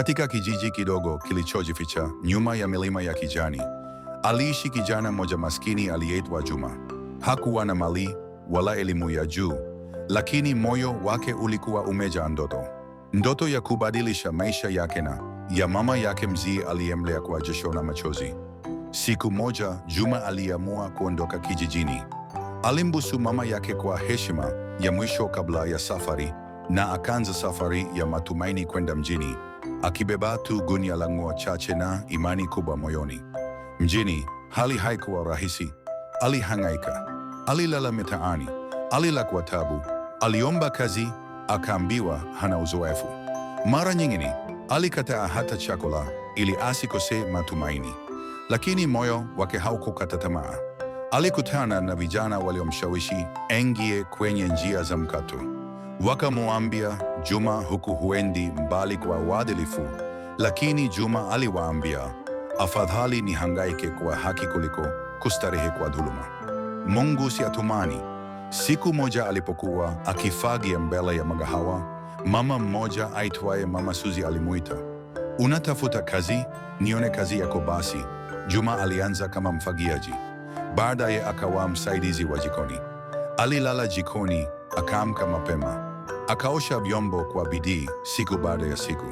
Katika kijiji kidogo kilichojificha nyuma ya milima ya kijani, aliishi kijana mmoja maskini aliyeitwa Juma. Hakuwa na mali wala elimu ya juu, lakini moyo wake ulikuwa umejaa ndoto, ndoto ya kubadilisha maisha yake na ya mama yake mzee aliyemlea kwa jasho na machozi. Siku moja Juma aliamua kuondoka kijijini. Alimbusu mama yake kwa heshima ya mwisho kabla ya safari, na akaanza safari ya matumaini kwenda mjini akibeba tu gunia la nguo chache na imani kubwa moyoni. Mjini hali haikuwa rahisi. Alihangaika, alilala mitaani, alila kwa tabu, aliomba kazi, akaambiwa hana uzoefu. Mara nyingine alikataa hata chakula ili asikose matumaini, lakini moyo wake haukukata tamaa. Alikutana na vijana waliomshawishi engie kwenye njia za mkato, wakamwambia Juma huku huendi mbali kwa uadilifu, lakini Juma aliwaambia, afadhali nihangaike kwa haki kuliko kustarehe kwa dhuluma. Mungu si atumani. Siku moja alipokuwa akifagia mbele ya magahawa, mama mmoja aitwaye Mama Suzi alimuita, unatafuta kazi? Nione kazi yako basi. Juma alianza kama mfagiaji, baadaye akawa msaidizi wa jikoni. Alilala jikoni, akaamka mapema Akaosha vyombo kwa bidii siku baada ya siku.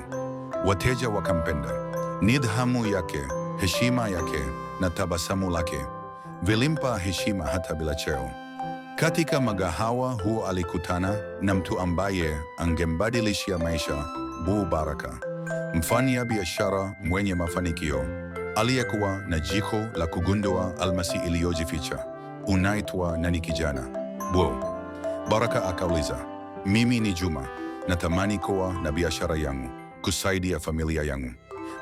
Wateja wakampenda. Nidhamu yake, heshima yake na tabasamu lake vilimpa heshima hata bila cheo. Katika magahawa huo alikutana na mtu ambaye angembadilishia maisha, Bu Baraka, mfanya biashara mwenye mafanikio aliyekuwa na jiko la kugundua almasi iliyojificha. Unaitwa nani kijana? Bu Baraka akauliza. Mimi ni Juma, natamani kuwa na biashara yangu, kusaidia familia yangu.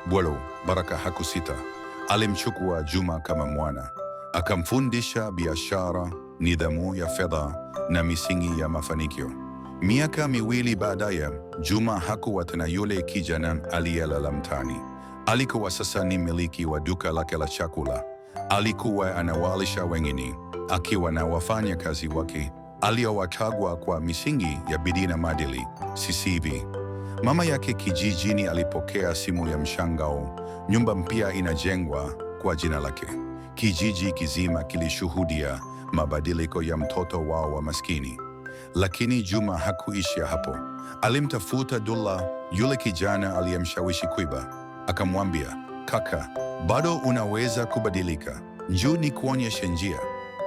Bwalo Baraka hakusita, alimchukua Juma kama mwana, akamfundisha biashara, nidhamu ya fedha na misingi ya mafanikio. Miaka miwili baadaye, Juma hakuwa tena yule kijana aliyelala mtaani. Alikuwa sasa ni mmiliki wa duka lake la chakula. Alikuwa anawalisha wengine akiwa na wafanyakazi wake aliyowachagua kwa misingi ya bidii na maadili, CCV. Mama yake kijijini alipokea simu ya mshangao, nyumba mpya inajengwa kwa jina lake. Kijiji kizima kilishuhudia mabadiliko ya mtoto wao wa maskini. Lakini Juma hakuishia hapo. Alimtafuta Dulla, yule kijana aliyemshawishi kuiba. Akamwambia, kaka, bado unaweza kubadilika, njoo nikuonyeshe njia.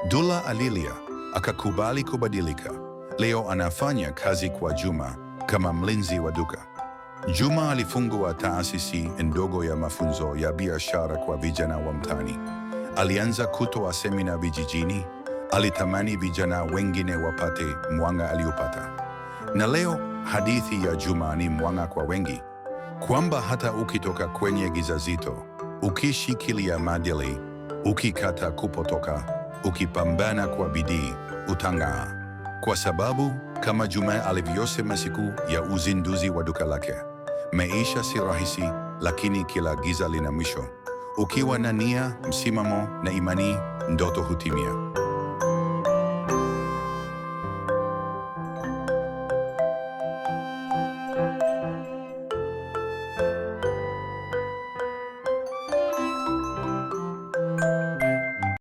Dulla alilia, akakubali kubadilika. Leo anafanya kazi kwa Juma kama mlinzi wa duka. Juma alifungua taasisi ndogo ya mafunzo ya biashara kwa vijana wa mtaani. Alianza kutoa semina vijijini. Alitamani vijana wengine wapate mwanga aliopata, na leo hadithi ya Juma ni mwanga kwa wengi, kwamba hata ukitoka kwenye giza zito, ukishikilia maadili, ukikata kupotoka Ukipambana kwa bidii utang'aa, kwa sababu kama Juma alivyosema siku ya uzinduzi wa duka lake, maisha si rahisi, lakini kila giza lina mwisho. Ukiwa na nia, msimamo na imani, ndoto hutimia.